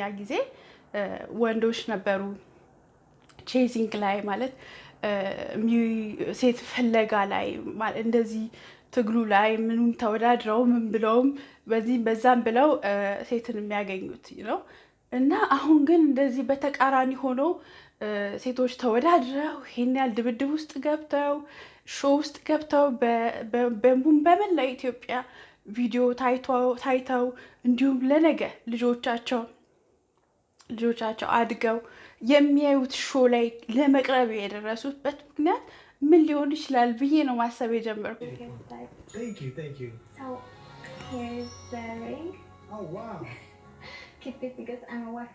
ያ ጊዜ ወንዶች ነበሩ ቼዚንግ ላይ ማለት ሴት ፍለጋ ላይ እንደዚህ ትግሉ ላይ ምኑም ተወዳድረው ምን ብለውም በዚህ በዛም ብለው ሴትን የሚያገኙት ነው። እና አሁን ግን እንደዚህ በተቃራኒ ሆኖ ሴቶች ተወዳድረው ይሄን ያህል ድብድብ ውስጥ ገብተው ሾ ውስጥ ገብተው በመላ ኢትዮጵያ ቪዲዮ ታይተው እንዲሁም ለነገ ልጆቻቸው ልጆቻቸው አድገው የሚያዩት ሾ ላይ ለመቅረብ የደረሱበት ምክንያት ምን ሊሆን ይችላል ብዬ ነው ማሰብ የጀመርኩት። oh,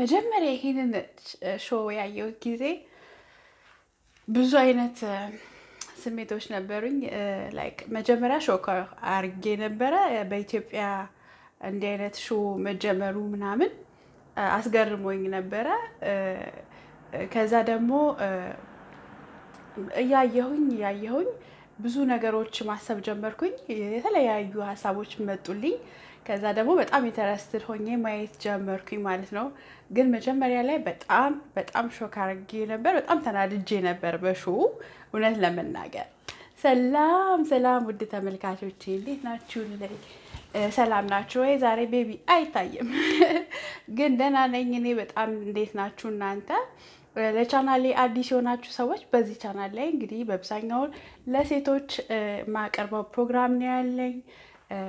መጀመሪያ ይህንን ሾ ያየሁት ጊዜ ብዙ አይነት ስሜቶች ነበሩኝ። ላይክ መጀመሪያ ሾክ አርጌ ነበረ። በኢትዮጵያ እንዲህ አይነት ሾ መጀመሩ ምናምን አስገርሞኝ ነበረ። ከዛ ደግሞ እያየሁኝ እያየሁኝ ብዙ ነገሮች ማሰብ ጀመርኩኝ። የተለያዩ ሀሳቦች መጡልኝ። ከዛ ደግሞ በጣም ኢንተረስትድ ሆኜ ማየት ጀመርኩኝ ማለት ነው። ግን መጀመሪያ ላይ በጣም በጣም ሾክ አድርጌ ነበር። በጣም ተናድጄ ነበር በሹ እውነት ለመናገር። ሰላም ሰላም፣ ውድ ተመልካቾቼ እንዴት ናችሁ? ላይ ሰላም ናችሁ ወይ? ዛሬ ቤቢ አይታይም ግን ደህና ነኝ እኔ በጣም። እንዴት ናችሁ እናንተ? ለቻናሌ አዲስ የሆናችሁ ሰዎች በዚህ ቻናል ላይ እንግዲህ በአብዛኛውን ለሴቶች የማቀርበው ፕሮግራም ነው ያለኝ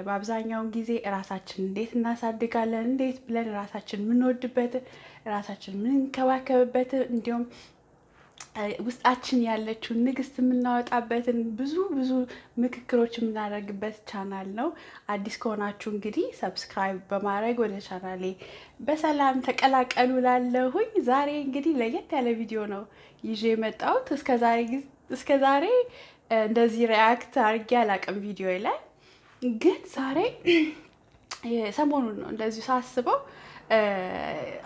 በአብዛኛውን ጊዜ እራሳችን እንዴት እናሳድጋለን፣ እንዴት ብለን ራሳችን የምንወድበት፣ ራሳችን የምንንከባከብበት እንዲሁም ውስጣችን ያለችውን ንግስት የምናወጣበትን ብዙ ብዙ ምክክሮች የምናደርግበት ቻናል ነው። አዲስ ከሆናችሁ እንግዲህ ሰብስክራይብ በማድረግ ወደ ቻናሌ በሰላም ተቀላቀሉ። ላለሁኝ ዛሬ እንግዲህ ለየት ያለ ቪዲዮ ነው ይዤ የመጣሁት። እስከ ዛሬ እንደዚህ ሪያክት አድርጌ አላቅም ቪዲዮ ላይ ግን ዛሬ ሰሞኑን ነው እንደዚሁ ሳስበው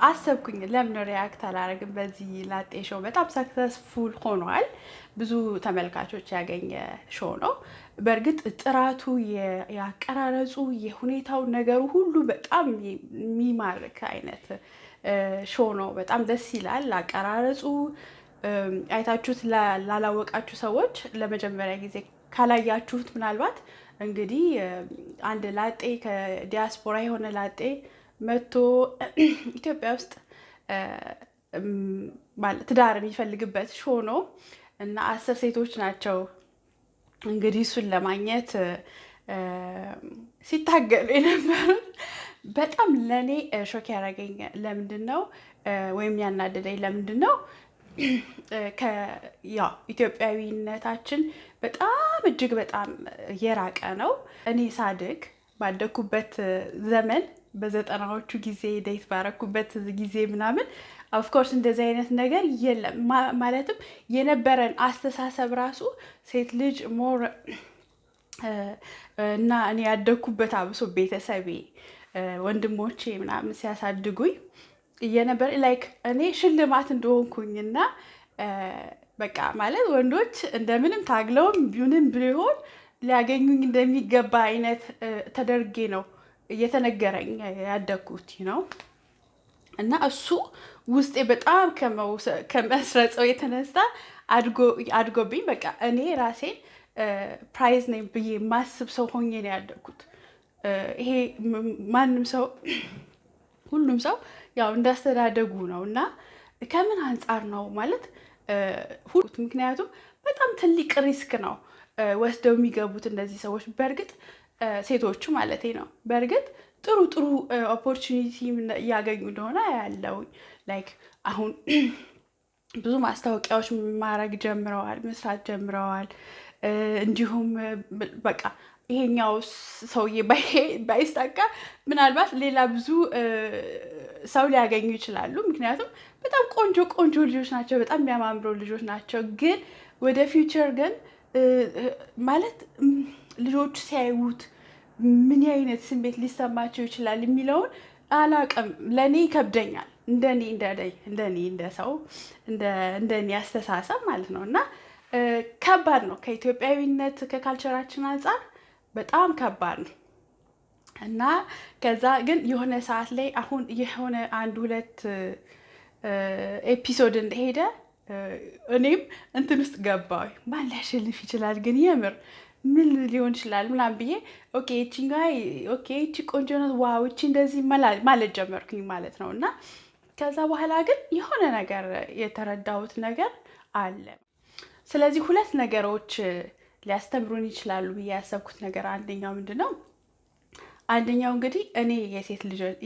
አሰብኩኝ ለምን ሪያክት አላረግም። በዚህ ላጤ ሾው በጣም ሰክሰስፉል ሆኗል። ብዙ ተመልካቾች ያገኘ ሾው ነው። በእርግጥ ጥራቱ፣ የአቀራረጹ፣ የሁኔታው ነገሩ ሁሉ በጣም የሚማርክ አይነት ሾው ነው። በጣም ደስ ይላል አቀራረጹ። አይታችሁት ላላወቃችሁ ሰዎች ለመጀመሪያ ጊዜ ካላያችሁት ምናልባት እንግዲህ አንድ ላጤ ከዲያስፖራ የሆነ ላጤ መቶ ኢትዮጵያ ውስጥ ትዳር የሚፈልግበት ሾ ነው እና አስር ሴቶች ናቸው እንግዲህ እሱን ለማግኘት ሲታገሉ የነበሩት። በጣም ለእኔ ሾክ ያደረገኝ ለምንድን ነው ወይም ያናደደኝ ለምንድን ነው ያው ኢትዮጵያዊነታችን በጣም እጅግ በጣም የራቀ ነው። እኔ ሳድግ ባደኩበት ዘመን በዘጠናዎቹ ጊዜ ዴት ባረኩበት ጊዜ ምናምን ኦፍኮርስ እንደዚህ አይነት ነገር የለም። ማለትም የነበረን አስተሳሰብ ራሱ ሴት ልጅ ሞር እና እኔ ያደኩበት አብሶ ቤተሰቤ ወንድሞቼ ምናምን ሲያሳድጉኝ እየነበር ላይክ እኔ ሽልማት እንደሆንኩኝና በቃ ማለት ወንዶች እንደምንም ታግለውም ቢሆንም ቢሆን ሊያገኙኝ እንደሚገባ አይነት ተደርጌ ነው እየተነገረኝ ያደግኩት ነው። እና እሱ ውስጤ በጣም ከመስረጸው የተነሳ አድጎብኝ በቃ እኔ ራሴን ፕራይዝ ነኝ ብዬ ማስብ ሰው ሆኜ ነው ያደግኩት። ይሄ ማንም ሰው ሁሉም ሰው ያው እንዳስተዳደጉ ነው እና ከምን አንጻር ነው ማለት ሁሉት ምክንያቱም በጣም ትልቅ ሪስክ ነው ወስደው የሚገቡት እነዚህ ሰዎች። በእርግጥ ሴቶቹ ማለት ነው። በእርግጥ ጥሩ ጥሩ ኦፖርቹኒቲ እያገኙ እንደሆነ ያለው ላይክ አሁን ብዙ ማስታወቂያዎች ማድረግ ጀምረዋል፣ መስራት ጀምረዋል። እንዲሁም በቃ ይሄኛው ሰውዬ ባይሳካ ምናልባት ሌላ ብዙ ሰው ሊያገኙ ይችላሉ። ምክንያቱም በጣም ቆንጆ ቆንጆ ልጆች ናቸው፣ በጣም የሚያማምሩ ልጆች ናቸው። ግን ወደ ፊውቸር ግን ማለት ልጆቹ ሲያዩት ምን አይነት ስሜት ሊሰማቸው ይችላል የሚለውን አላውቅም። ለእኔ ይከብደኛል፣ እንደኔ እንደኔ እንደ ሰው እንደኔ አስተሳሰብ ማለት ነው እና ከባድ ነው ከኢትዮጵያዊነት ከካልቸራችን አንጻር በጣም ከባድ ነው። እና ከዛ ግን የሆነ ሰዓት ላይ አሁን የሆነ አንድ ሁለት ኤፒሶድ እንደሄደ እኔም እንትን ውስጥ ገባሁ። ማን ሊያሸንፍ ይችላል ግን የምር ምን ሊሆን ይችላል ምናምን ብዬ ኦኬ ይቺን ኦኬ ይቺ ቆንጆ ናት፣ ዋው ይቺ እንደዚህ ማለት ጀመርኩኝ ማለት ነው። እና ከዛ በኋላ ግን የሆነ ነገር የተረዳሁት ነገር አለ። ስለዚህ ሁለት ነገሮች ሊያስተምሩን ይችላሉ ብዬ ያሰብኩት ነገር አንደኛው ምንድን ነው? አንደኛው እንግዲህ እኔ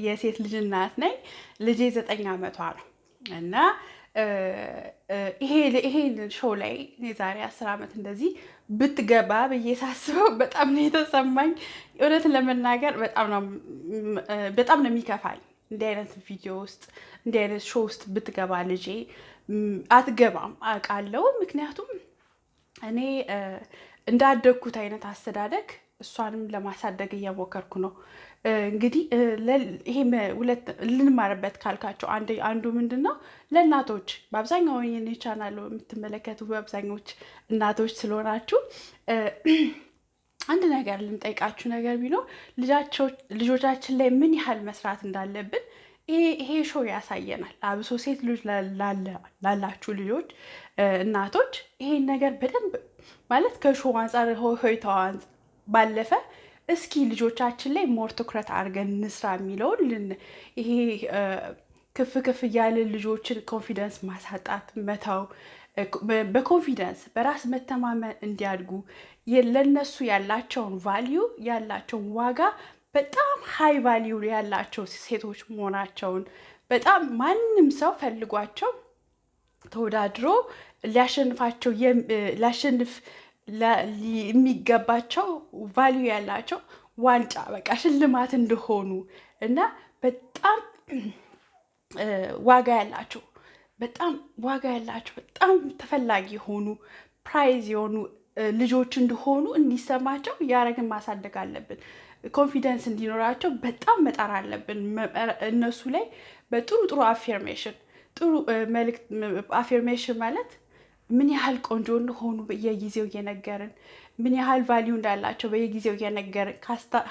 የሴት ልጅ እናት ነኝ። ልጄ ዘጠኝ ዓመቷ ነው እና ይሄን ሾው ላይ የዛሬ አስር ዓመት እንደዚህ ብትገባ ብዬ ሳስበው በጣም ነው የተሰማኝ። እውነት ለመናገር በጣም ነው የሚከፋኝ። እንዲህ አይነት ቪዲዮ ውስጥ እንዲህ አይነት ሾው ውስጥ ብትገባ ልጄ አትገባም አውቃለሁ። ምክንያቱም እኔ እንዳደግኩት አይነት አስተዳደግ እሷንም ለማሳደግ እየሞከርኩ ነው። እንግዲህ ይሄ ሁለት ልንማርበት ካልካቸው አንዱ ምንድን ነው ለእናቶች በአብዛኛው የኔ ቻናል የምትመለከቱ በአብዛኞች እናቶች ስለሆናችሁ አንድ ነገር ልንጠይቃችሁ ነገር ቢኖር ልጆቻችን ላይ ምን ያህል መስራት እንዳለብን ይሄ ሾው ያሳየናል። አብሶ ሴት ልጅ ላላችሁ ልጆች እናቶች ይሄን ነገር በደንብ ማለት ከሾው አንጻር ሆይታዋ ባለፈ እስኪ ልጆቻችን ላይ ሞር ትኩረት አድርገን እንስራ የሚለውን ይሄ ክፍ ክፍ እያለ ልጆችን ኮንፊደንስ ማሳጣት መተው፣ በኮንፊደንስ በራስ መተማመን እንዲያድጉ ለነሱ ያላቸውን ቫሊዩ ያላቸውን ዋጋ በጣም ሀይ ቫሊዩ ያላቸው ሴቶች መሆናቸውን በጣም ማንም ሰው ፈልጓቸው ተወዳድሮ ሊያሸንፋቸው ሊያሸንፍ የሚገባቸው ቫሊዩ ያላቸው ዋንጫ በቃ ሽልማት እንደሆኑ እና በጣም ዋጋ ያላቸው በጣም ዋጋ ያላቸው በጣም ተፈላጊ የሆኑ ፕራይዝ የሆኑ ልጆች እንደሆኑ እንዲሰማቸው ያረግን ማሳደግ አለብን። ኮንፊደንስ እንዲኖራቸው በጣም መጣር አለብን። እነሱ ላይ በጥሩ ጥሩ አፌርሜሽን ጥሩ መልክት አፌርሜሽን ማለት ምን ያህል ቆንጆ እንደሆኑ በየጊዜው እየነገርን ምን ያህል ቫሊዩ እንዳላቸው በየጊዜው እየነገርን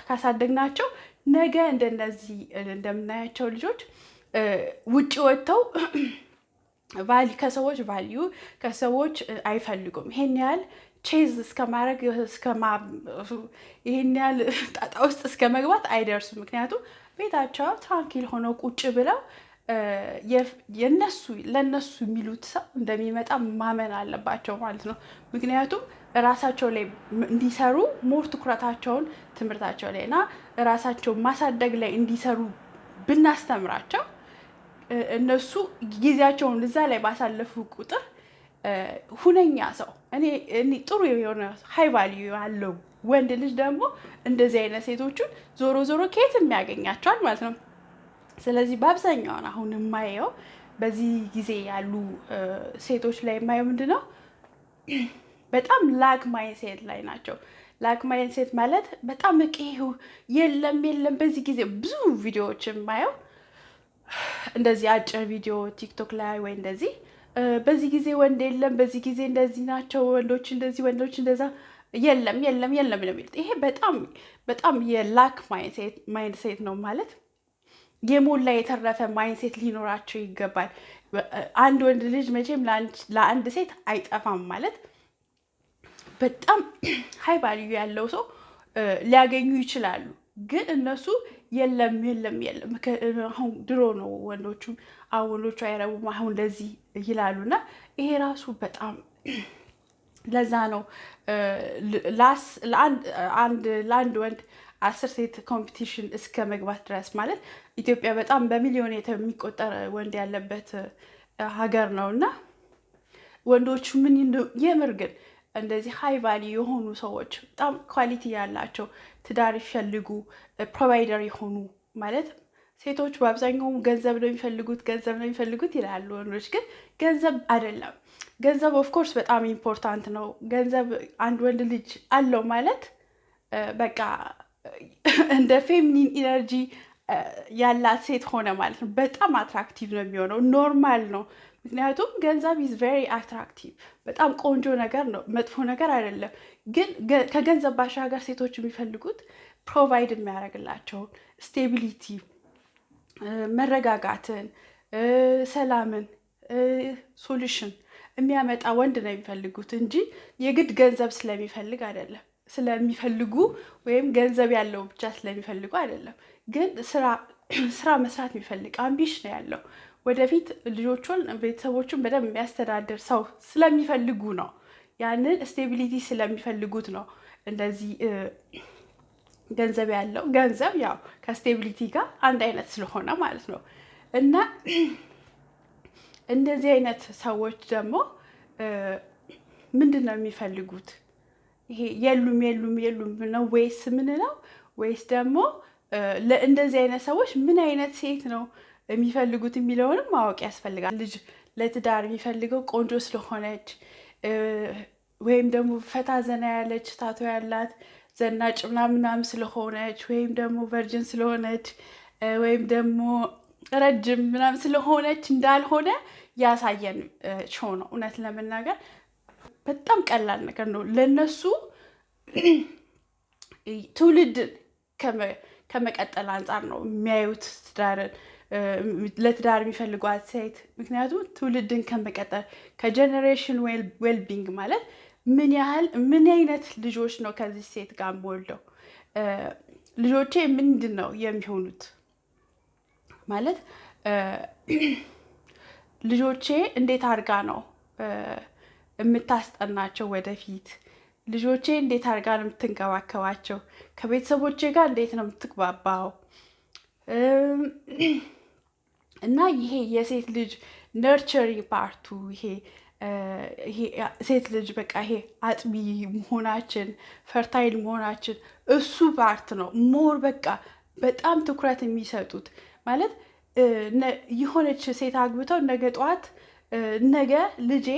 ካሳደግናቸው ነገ እንደነዚህ እንደምናያቸው ልጆች ውጭ ወጥተው ከሰዎች ቫሊዩ ከሰዎች አይፈልጉም። ይሄን ያህል ቼዝ እስከማድረግ ይሄን ያህል ጣጣ ውስጥ እስከ መግባት አይደርሱም። ምክንያቱም ቤታቸው ትራንኪል ሆነው ቁጭ ብለው የነሱ ለነሱ የሚሉት ሰው እንደሚመጣ ማመን አለባቸው ማለት ነው። ምክንያቱም ራሳቸው ላይ እንዲሰሩ ሞር ትኩረታቸውን ትምህርታቸው ላይ እና ራሳቸው ማሳደግ ላይ እንዲሰሩ ብናስተምራቸው እነሱ ጊዜያቸውን እዛ ላይ ባሳለፉ ቁጥር ሁነኛ ሰው እኔ ጥሩ የሆነ ሀይ ቫልዩ ያለው ወንድ ልጅ ደግሞ እንደዚህ አይነት ሴቶቹን ዞሮ ዞሮ ከየትም ያገኛቸዋል ማለት ነው። ስለዚህ በአብዛኛውን አሁን የማየው በዚህ ጊዜ ያሉ ሴቶች ላይ የማየው ምንድን ነው በጣም ላክ ማይንሴት ላይ ናቸው። ላክ ማይንሴት ማለት በጣም እቂ የለም የለም። በዚህ ጊዜ ብዙ ቪዲዮዎች የማየው እንደዚህ አጭር ቪዲዮ ቲክቶክ ላይ ወይ እንደዚህ በዚህ ጊዜ ወንድ የለም፣ በዚህ ጊዜ እንደዚህ ናቸው ወንዶች፣ እንደዚህ ወንዶች እንደዛ የለም የለም የለም ነው የሚሉት። ይሄ በጣም በጣም የላክ ማይንሴት ነው ማለት የሞላ የተረፈ ማይንሴት ሊኖራቸው ይገባል። አንድ ወንድ ልጅ መቼም ለአንድ ሴት አይጠፋም ማለት በጣም ሀይ ባልዩ ያለው ሰው ሊያገኙ ይችላሉ። ግን እነሱ የለም የለም የለም አሁን ድሮ ነው ወንዶቹም አሁን ወንዶቹ አይረቡም አሁን ለዚህ ይላሉና ይሄ ራሱ በጣም ለዛ ነው ለአንድ ወንድ አስር ሴት ኮምፒቲሽን እስከ መግባት ድረስ ማለት ኢትዮጵያ በጣም በሚሊዮን የሚቆጠር ወንድ ያለበት ሀገር ነው እና ወንዶቹ ምን የምር ግን እንደዚህ ሀይ ቫሊ የሆኑ ሰዎች በጣም ኳሊቲ ያላቸው ትዳር ይፈልጉ ፕሮቫይደር የሆኑ ማለት ሴቶች በአብዛኛው ገንዘብ ነው የሚፈልጉት ገንዘብ ነው የሚፈልጉት ይላሉ። ወንዶች ግን ገንዘብ አይደለም። ገንዘብ ኦፍኮርስ በጣም ኢምፖርታንት ነው። ገንዘብ አንድ ወንድ ልጅ አለው ማለት በቃ እንደ ፌሚኒን ኢነርጂ ያላት ሴት ሆነ ማለት ነው። በጣም አትራክቲቭ ነው የሚሆነው። ኖርማል ነው። ምክንያቱም ገንዘብ ኢዝ ቬሪ አትራክቲቭ በጣም ቆንጆ ነገር ነው፣ መጥፎ ነገር አይደለም። ግን ከገንዘብ ባሻገር ሴቶች የሚፈልጉት ፕሮቫይድ የሚያደርግላቸውን ስቴቢሊቲ፣ መረጋጋትን፣ ሰላምን፣ ሶሉሽን የሚያመጣ ወንድ ነው የሚፈልጉት እንጂ የግድ ገንዘብ ስለሚፈልግ አይደለም። ስለሚፈልጉ ወይም ገንዘብ ያለው ብቻ ስለሚፈልጉ አይደለም። ግን ስራ መስራት የሚፈልግ አምቢሽን ያለው ወደፊት ልጆቹን ቤተሰቦቹን በደንብ የሚያስተዳድር ሰው ስለሚፈልጉ ነው። ያንን ስቴቢሊቲ ስለሚፈልጉት ነው። እንደዚህ ገንዘብ ያለው ገንዘብ ያው ከስቴቢሊቲ ጋር አንድ አይነት ስለሆነ ማለት ነው። እና እንደዚህ አይነት ሰዎች ደግሞ ምንድን ነው የሚፈልጉት? ይሄ የሉም የሉም የሉም ነው ወይስ ምን ነው? ወይስ ደግሞ እንደዚህ አይነት ሰዎች ምን አይነት ሴት ነው የሚፈልጉት የሚለውንም ማወቅ ያስፈልጋል። ልጅ ለትዳር የሚፈልገው ቆንጆ ስለሆነች ወይም ደግሞ ፈታ ዘና ያለች ታቶ ያላት ዘናጭ ምናምናም ስለሆነች ወይም ደግሞ ቨርጅን ስለሆነች ወይም ደግሞ ረጅም ምናምን ስለሆነች እንዳልሆነ ያሳየን ሾ ነው እውነት ለመናገር በጣም ቀላል ነገር ነው ለነሱ ትውልድን ከመቀጠል አንጻር ነው የሚያዩት ትዳርን ለትዳር የሚፈልጉ አስተያየት። ምክንያቱም ትውልድን ከመቀጠል ከጀኔሬሽን ዌልቢንግ ማለት ምን ያህል ምን አይነት ልጆች ነው ከዚህ ሴት ጋር ወልደው ልጆቼ ምንድን ነው የሚሆኑት ማለት ልጆቼ እንዴት አድርጋ ነው የምታስጠናቸው ወደፊት ልጆቼ እንዴት አድርጋ ነው የምትንከባከባቸው? ከቤተሰቦቼ ጋር እንዴት ነው የምትግባባው? እና ይሄ የሴት ልጅ ነርቸሪንግ ፓርቱ ይሄ ሴት ልጅ በቃ ይሄ አጥቢ መሆናችን ፈርታይል መሆናችን እሱ ፓርት ነው ሞር በቃ በጣም ትኩረት የሚሰጡት ማለት የሆነች ሴት አግብተው ነገ ጠዋት ነገ ልጄ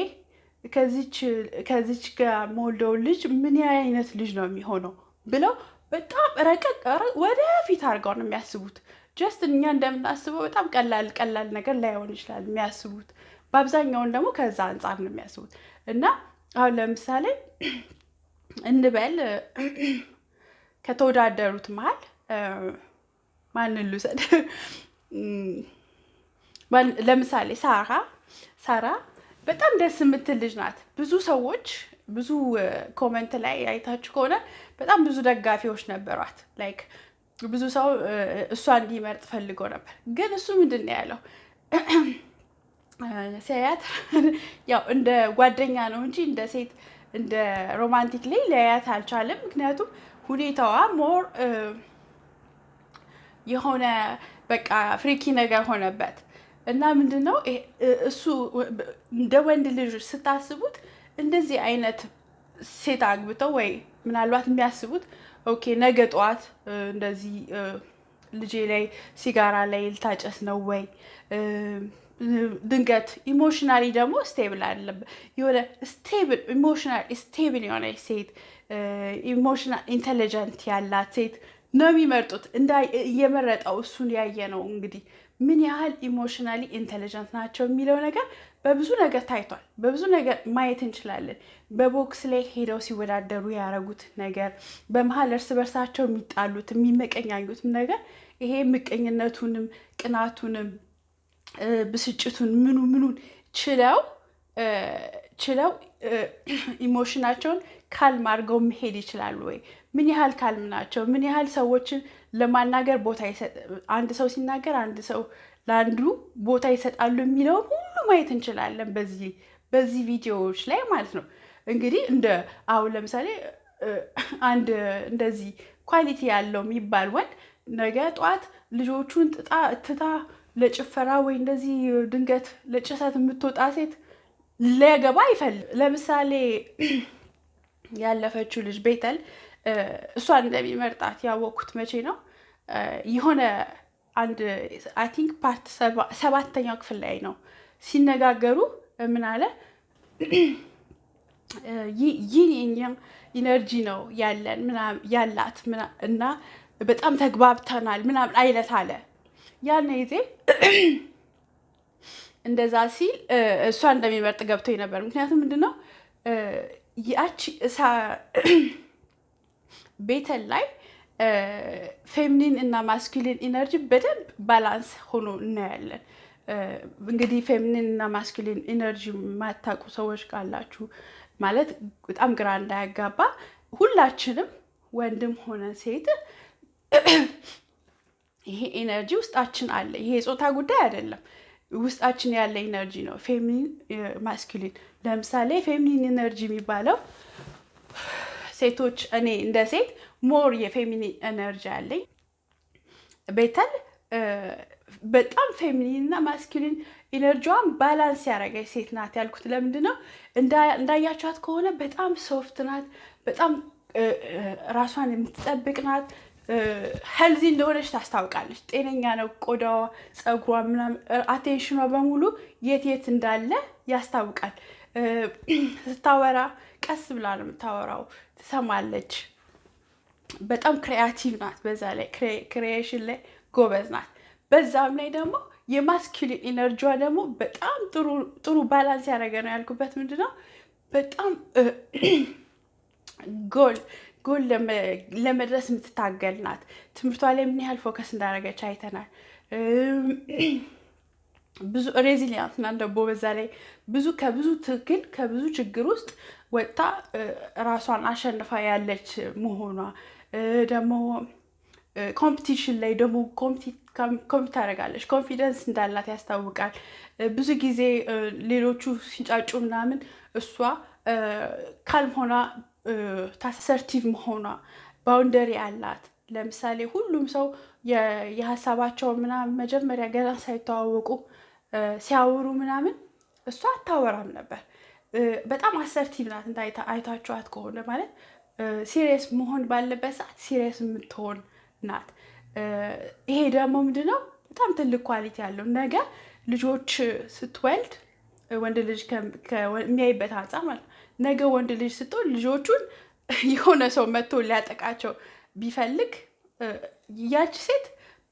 ከዚች ጋር መወልደው ልጅ ምን አይነት ልጅ ነው የሚሆነው ብለው በጣም ረቀቅ ወደፊት አድርገው ነው የሚያስቡት። ጀስት እኛ እንደምናስበው በጣም ቀላል ቀላል ነገር ላይሆን ይችላል የሚያስቡት። በአብዛኛውን ደግሞ ከዛ አንጻር ነው የሚያስቡት እና አሁን ለምሳሌ እንበል ከተወዳደሩት መሀል ማንን ልውሰድ? ለምሳሌ ሳራ ሳራ በጣም ደስ የምትል ልጅ ናት። ብዙ ሰዎች ብዙ ኮመንት ላይ አይታችሁ ከሆነ በጣም ብዙ ደጋፊዎች ነበሯት። ላይክ ብዙ ሰው እሷ እንዲመርጥ ፈልጎ ነበር። ግን እሱ ምንድን ነው ያለው ሲያያት ያው እንደ ጓደኛ ነው እንጂ እንደ ሴት እንደ ሮማንቲክ ላይ ሊያያት አልቻለም። ምክንያቱም ሁኔታዋ ሞር የሆነ በቃ ፍሪኪ ነገር ሆነበት። እና ምንድን ነው እሱ እንደ ወንድ ልጅ ስታስቡት እንደዚህ አይነት ሴት አግብተው ወይ ምናልባት የሚያስቡት ኦኬ ነገ ጠዋት እንደዚህ ልጄ ላይ ሲጋራ ላይ ልታጨስ ነው ወይ ድንገት ኢሞሽናሊ ደግሞ ስቴብል አለበት የሆነ ስቴብል ኢሞሽናል ስቴብል የሆነ ሴት ኢሞሽናል ኢንቴሊጀንት ያላት ሴት ነው የሚመርጡት። እየመረጠው እሱን ያየ ነው እንግዲህ ምን ያህል ኢሞሽናሊ ኢንቴሊጀንት ናቸው የሚለው ነገር በብዙ ነገር ታይቷል። በብዙ ነገር ማየት እንችላለን። በቦክስ ላይ ሄደው ሲወዳደሩ ያደረጉት ነገር፣ በመሀል እርስ በርሳቸው የሚጣሉት የሚመቀኛኙትም ነገር ይሄ ምቀኝነቱንም ቅናቱንም ብስጭቱን ምኑ ምኑን ችለው ችለው ኢሞሽናቸውን ካልም አድርገው መሄድ ይችላሉ ወይ? ምን ያህል ካልም ናቸው? ምን ያህል ሰዎችን ለማናገር ቦታ አንድ ሰው ሲናገር አንድ ሰው ለአንዱ ቦታ ይሰጣሉ የሚለውን ሁሉ ማየት እንችላለን በዚህ በዚህ ቪዲዮዎች ላይ ማለት ነው። እንግዲህ እንደ አሁን ለምሳሌ አንድ እንደዚህ ኳሊቲ ያለው የሚባል ወንድ ነገ ጠዋት ልጆቹን ጥጣ ትታ ለጭፈራ ወይ እንደዚህ ድንገት ለጭሰት የምትወጣ ሴት ሊያገባ ይፈልግ ለምሳሌ ያለፈችው ልጅ ቤተል እሷን እንደሚመርጣት ያወቅኩት መቼ ነው? የሆነ አንድ አይ ቲንክ ፓርት ሰባተኛው ክፍል ላይ ነው ሲነጋገሩ ምን አለ ይህ ኢነርጂ ነው ያለን ያላት እና በጣም ተግባብተናል ምናምን አይነት አለ። ያን ጊዜ እንደዛ ሲል እሷ እንደሚመርጥ ገብቶኝ ነበር። ምክንያቱም ምንድነው ያቺ ቤተል ላይ ፌሚኒን እና ማስኩሊን ኢነርጂ በደንብ ባላንስ ሆኖ እናያለን። እንግዲህ ፌሚኒን እና ማስኩሊን ኢነርጂ የማታውቁ ሰዎች ካላችሁ ማለት በጣም ግራ እንዳያጋባ፣ ሁላችንም ወንድም ሆነ ሴት ይሄ ኢነርጂ ውስጣችን አለ። ይሄ የፆታ ጉዳይ አይደለም፣ ውስጣችን ያለ ኢነርጂ ነው ፌሚኒን ማስኪሊን ለምሳሌ ፌሚኒን ኤነርጂ የሚባለው ሴቶች እኔ እንደ ሴት ሞር የፌሚኒን ኤነርጂ አለኝ። ቤተል በጣም ፌሚኒን እና ማስኪሊን ኢነርጂዋን ባላንስ ያደረገች ሴት ናት ያልኩት ለምንድን ነው? እንዳያችኋት ከሆነ በጣም ሶፍት ናት፣ በጣም ራሷን የምትጠብቅ ናት። ሄልዚ እንደሆነች ታስታውቃለች። ጤነኛ ነው ቆዳዋ፣ ፀጉሯ፣ ምናምን አቴንሽኗ በሙሉ የት የት እንዳለ ያስታውቃል። ስታወራ ቀስ ብላ ነው የምታወራው፣ ትሰማለች። በጣም ክሪያቲቭ ናት። በዛ ላይ ክሪኤሽን ላይ ጎበዝ ናት። በዛም ላይ ደግሞ የማስኪሊን ኢነርጂዋ ደግሞ በጣም ጥሩ ባላንስ ያደረገ ነው። ያልኩበት ምንድን ነው በጣም ጎል ጎል ለመድረስ የምትታገል ናት። ትምህርቷ ላይ ምን ያህል ፎከስ እንዳደረገች አይተናል። ብዙ ሬዚሊያንት እና ደቦ በዛ ላይ ብዙ ከብዙ ትግል ከብዙ ችግር ውስጥ ወጥታ ራሷን አሸንፋ ያለች መሆኗ ደግሞ ኮምፒቲሽን ላይ ደግሞ ኮምፒት ታደርጋለች። ኮንፊደንስ እንዳላት ያስታውቃል። ብዙ ጊዜ ሌሎቹ ሲንጫጩ ምናምን እሷ ካልም ሆና ታሰርቲቭ መሆኗ ባውንደሪ አላት። ለምሳሌ ሁሉም ሰው የሀሳባቸውን ምናምን መጀመሪያ ገና ሳይተዋወቁ ሲያወሩ ምናምን እሷ አታወራም ነበር። በጣም አሰርቲቭ ናት። አይታችኋት ከሆነ ማለት ሲሪየስ መሆን ባለበት ሰዓት ሲሪየስ የምትሆን ናት። ይሄ ደግሞ ምንድነው በጣም ትልቅ ኳሊቲ ያለው ነገ ልጆች ስትወልድ ወንድ ልጅ የሚያይበት አንጻር ማለት ነው። ነገ ወንድ ልጅ ስትወልድ ልጆቹን የሆነ ሰው መጥቶ ሊያጠቃቸው ቢፈልግ ያች ሴት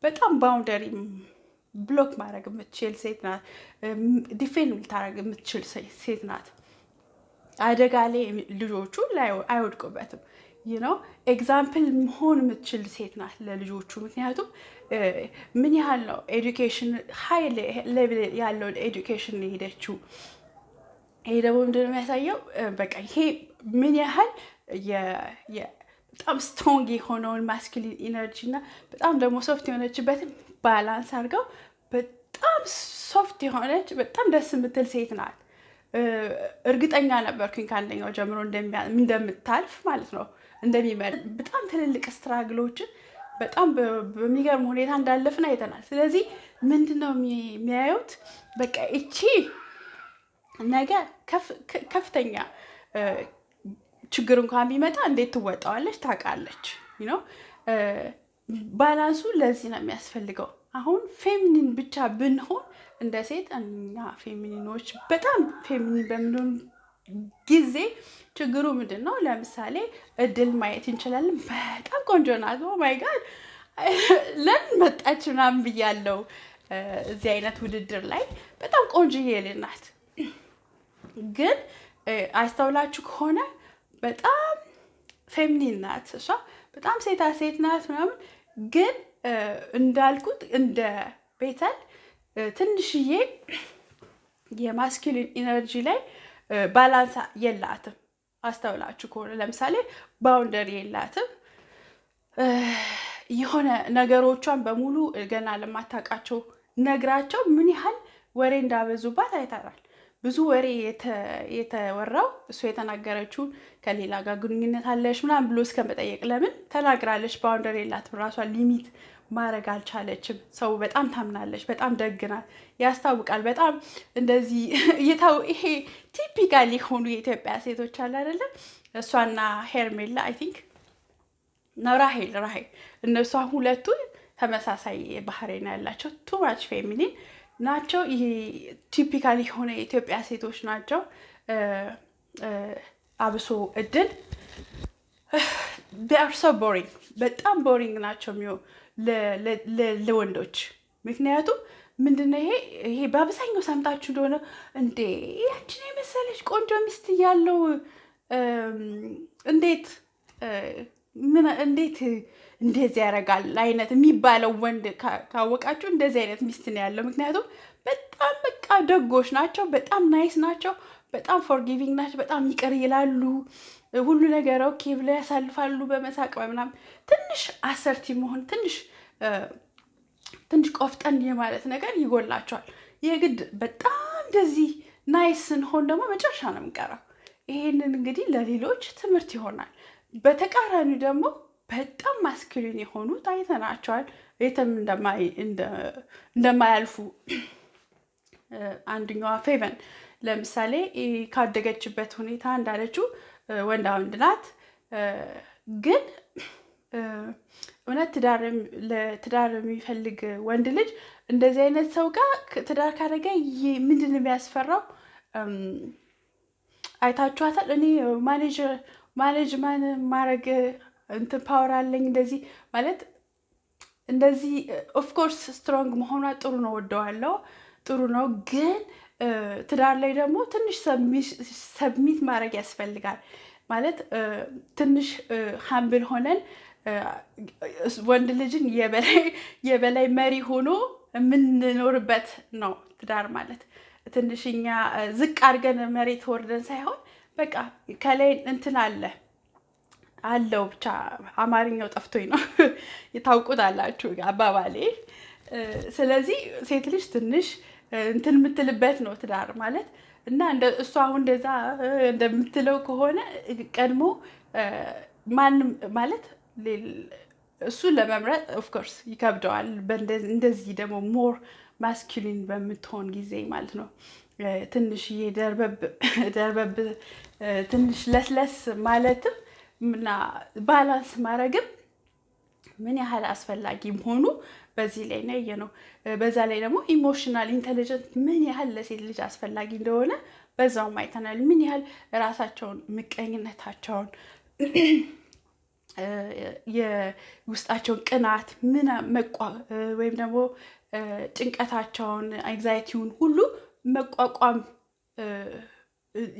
በጣም ባውንደሪ ብሎክ ማድረግ የምትችል ሴት ናት። ዲፌንድ ልታደረግ የምትችል ሴት ናት። አደጋ ላይ ልጆቹ አይወድቁበትም። ይነው ኤግዛምፕል መሆን የምትችል ሴት ናት ለልጆቹ። ምክንያቱም ምን ያህል ነው ኤዱኬሽን ሀይ ሌቭል ያለውን ኤዱኬሽን የሄደችው። ይሄ ደግሞ ምንድን ነው የሚያሳየው? በቃ ይሄ ምን ያህል በጣም ስትሮንግ የሆነውን ማስኪሊን ኢነርጂ እና በጣም ደግሞ ሶፍት የሆነችበትን ባላንስ አድርገው በጣም ሶፍት የሆነች በጣም ደስ የምትል ሴት ናት። እርግጠኛ ነበርኩኝ ከአንደኛው ጀምሮ እንደምታልፍ ማለት ነው እንደሚመ በጣም ትልልቅ ስትራግሎችን በጣም በሚገርም ሁኔታ እንዳለፍን አይተናል። ስለዚህ ምንድን ነው የሚያዩት? በቃ እቺ ነገ ከፍተኛ ችግር እንኳን ቢመጣ እንዴት ትወጣዋለች ታውቃለች ነው ባላንሱ ለዚህ ነው የሚያስፈልገው። አሁን ፌሚኒን ብቻ ብንሆን እንደ ሴት እኛ ፌሚኒኖች በጣም ፌሚኒን በምንሆን ጊዜ ችግሩ ምንድን ነው? ለምሳሌ እድል ማየት እንችላለን። በጣም ቆንጆ ናት፣ ማይ oh ጋድ ለምን መጣች ምናምን ብያለው። እዚህ አይነት ውድድር ላይ በጣም ቆንጆዬ ልጅ ናት። ግን አስተውላችሁ ከሆነ በጣም ፌሚኒን ናት እሷ በጣም ሴታ ሴት ናት ምናምን ግን እንዳልኩት እንደ ቤተል ትንሽዬ የማስኪሊን ኢነርጂ ላይ ባላንስ የላትም። አስተውላችሁ ከሆነ ለምሳሌ ባውንደሪ የላትም። የሆነ ነገሮቿን በሙሉ ገና ለማታውቃቸው ነግራቸው ምን ያህል ወሬ እንዳበዙባት አይተናል። ብዙ ወሬ የተወራው እሱ የተናገረችው ከሌላ ጋር ግንኙነት አለሽ ምናምን ብሎ እስከ መጠየቅ። ለምን ተናግራለች? ባውንደር የላትም። ራሷ ሊሚት ማድረግ አልቻለችም። ሰው በጣም ታምናለች፣ በጣም ደግናት፣ ያስታውቃል። በጣም እንደዚህ እየታው ይሄ ቲፒካል የሆኑ የኢትዮጵያ ሴቶች አለ አይደለም? እሷና ሄርሜላ አይ ቲንክ ነው ራሄል ራሄል፣ እነሷ ሁለቱ ተመሳሳይ ባህሪ ነው ያላቸው። ቱማች ፌሚኒን ናቸው። ይሄ ቲፒካል የሆነ የኢትዮጵያ ሴቶች ናቸው። አብሶ እድል ቢአርሶ ቦሪንግ በጣም ቦሪንግ ናቸው ለወንዶች። ምክንያቱም ምንድነው ይሄ ይሄ በአብዛኛው ሰምታችሁ እንደሆነ እንዴ ያችን የመሰለች ቆንጆ ሚስት እያለው እንዴት እንዴት እንደዚህ ያደርጋል አይነት የሚባለው ወንድ ካወቃችሁ እንደዚህ አይነት ሚስት ነው ያለው። ምክንያቱም በጣም በቃ ደጎች ናቸው፣ በጣም ናይስ ናቸው፣ በጣም ፎርጊቪንግ ናቸው፣ በጣም ይቅር ይላሉ። ሁሉ ነገር ኦኬ ብለው ያሳልፋሉ በመሳቅ በምናምን። ትንሽ አሰርቲ መሆን ትንሽ ትንሽ ቆፍጠን የማለት ነገር ይጎላቸዋል። የግድ በጣም እንደዚህ ናይስ ስንሆን ደግሞ መጨረሻ ነው የምንቀረው። ይሄንን እንግዲህ ለሌሎች ትምህርት ይሆናል። በተቃራኒ ደግሞ በጣም ማስኪሊን የሆኑት ናቸዋል። የትም እንደማያልፉ አንደኛዋ ፌቨን ለምሳሌ ካደገችበት ሁኔታ እንዳለችው ወንዳ ወንድ ናት። ግን እውነት ትዳር የሚፈልግ ወንድ ልጅ እንደዚህ አይነት ሰው ጋር ትዳር ካደረገ ምንድን የሚያስፈራው? አይታችኋታል። እኔ ማኔጅ ማኔጅ ማን ማድረግ እንትን ፓወር አለኝ እንደዚህ ማለት እንደዚህ። ኦፍኮርስ ስትሮንግ መሆኗ ጥሩ ነው፣ ወደዋለው ጥሩ ነው። ግን ትዳር ላይ ደግሞ ትንሽ ሰብሚት ማድረግ ያስፈልጋል ማለት ትንሽ ሀምብል ሆነን ወንድ ልጅን የበላይ መሪ ሆኖ የምንኖርበት ነው ትዳር ማለት። ትንሽኛ ዝቅ አድርገን መሬት ወርደን ሳይሆን በቃ ከላይ እንትን አለ አለው ብቻ አማርኛው ጠፍቶኝ ነው። አላችሁ አባባሌ። ስለዚህ ሴት ልጅ ትንሽ እንትን የምትልበት ነው ትዳር ማለት እና እሱ አሁን እንደዛ እንደምትለው ከሆነ ቀድሞ ማንም ማለት እሱ ለመምረጥ ኦፍኮርስ ይከብደዋል። እንደዚህ ደግሞ ሞር ማስኪሊን በምትሆን ጊዜ ማለት ነው ትንሽዬ ደርበብ ትንሽ ለስለስ ማለትም እና ባላንስ ማድረግም ምን ያህል አስፈላጊ መሆኑ በዚህ ላይ ያየ ነው። በዛ ላይ ደግሞ ኢሞሽናል ኢንቴሊጀንት ምን ያህል ለሴት ልጅ አስፈላጊ እንደሆነ በዛውም አይተናል። ምን ያህል ራሳቸውን፣ ምቀኝነታቸውን፣ የውስጣቸውን ቅናት ምን መቋ ወይም ደግሞ ጭንቀታቸውን፣ አንግዛይቲውን ሁሉ መቋቋም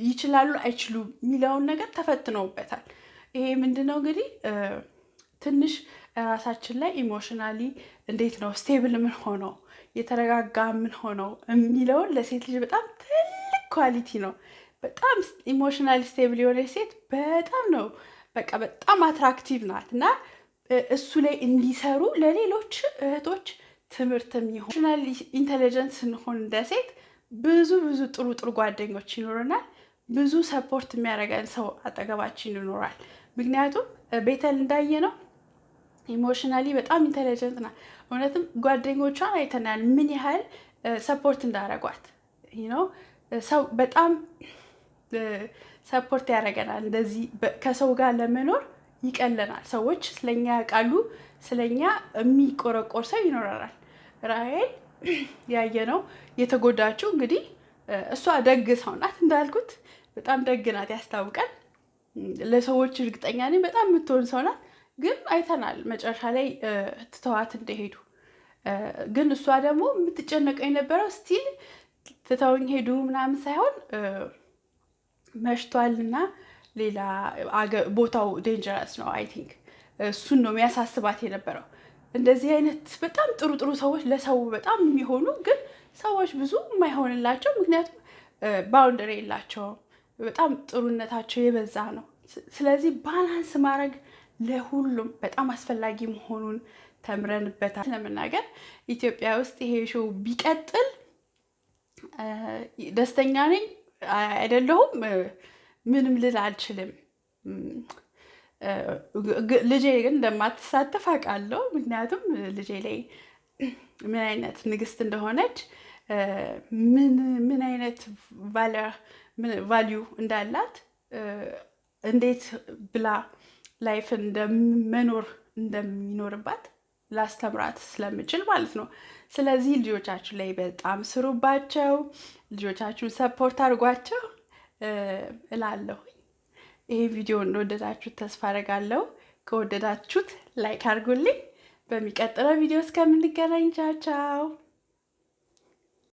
ይችላሉ አይችሉም የሚለውን ነገር ተፈትነውበታል። ይሄ ምንድነው እንግዲህ ትንሽ ራሳችን ላይ ኢሞሽናሊ እንዴት ነው ስቴብል ምን ሆነው የተረጋጋ ምን ሆነው የሚለውን ለሴት ልጅ በጣም ትልቅ ኳሊቲ ነው። በጣም ኢሞሽናሊ ስቴብል የሆነ ሴት በጣም ነው በቃ በጣም አትራክቲቭ ናት እና እሱ ላይ እንዲሰሩ ለሌሎች እህቶች ትምህርት የሚሆን ኢሞሽናል ስንሆን እንደ ሴት ብዙ ብዙ ጥሩ ጥሩ ጓደኞች ይኖረናል። ብዙ ሰፖርት የሚያደርገን ሰው አጠገባችን ይኖራል። ምክንያቱም ቤተል እንዳየ ነው ኢሞሽናሊ በጣም ኢንቴሊጀንት ናት። እውነትም ጓደኞቿን አይተናል ምን ያህል ሰፖርት እንዳረጓት ነው። ሰው በጣም ሰፖርት ያደርገናል። እንደዚህ ከሰው ጋር ለመኖር ይቀለናል። ሰዎች ስለኛ ያውቃሉ። ስለኛ የሚቆረቆር ሰው ይኖረናል። ራሄል ያየ ነው የተጎዳችው። እንግዲህ እሷ ደግ ሰው ናት እንዳልኩት፣ በጣም ደግ ናት ያስታውቃል። ለሰዎች እርግጠኛ ነኝ በጣም የምትሆን ሰው ናት። ግን አይተናል መጨረሻ ላይ ትተዋት እንደሄዱ። ግን እሷ ደግሞ የምትጨነቀው የነበረው ስቲል ትተውኝ ሄዱ ምናምን ሳይሆን መሽቷል ሌላ ቦታው ዴንጀረስ ነው አይ ቲንክ እሱን ነው የሚያሳስባት የነበረው። እንደዚህ አይነት በጣም ጥሩ ጥሩ ሰዎች ለሰው በጣም የሚሆኑ ግን ሰዎች ብዙ የማይሆንላቸው ምክንያቱም ባውንደሪ የላቸውም። በጣም ጥሩነታቸው የበዛ ነው። ስለዚህ ባላንስ ማድረግ ለሁሉም በጣም አስፈላጊ መሆኑን ተምረንበታል። ለመናገር ኢትዮጵያ ውስጥ ይሄ ሾው ቢቀጥል ደስተኛ ነኝ አይደለሁም ምንም ልል አልችልም። ልጄ ግን እንደማትሳተፍ አውቃለሁ። ምክንያቱም ልጄ ላይ ምን አይነት ንግስት እንደሆነች ምን ምን አይነት ቫሊዩ እንዳላት እንዴት ብላ ላይፍ እንደመኖር እንደሚኖርባት ላስተምራት ስለምችል ማለት ነው። ስለዚህ ልጆቻችሁ ላይ በጣም ስሩባቸው፣ ልጆቻችሁን ሰፖርት አድርጓቸው እላለሁ። ይሄ ቪዲዮ እንደወደዳችሁት ተስፋ አደርጋለሁ። ከወደዳችሁት ላይክ አድርጉልኝ። በሚቀጥለው ቪዲዮ እስከምንገናኝ ቻው ቻው።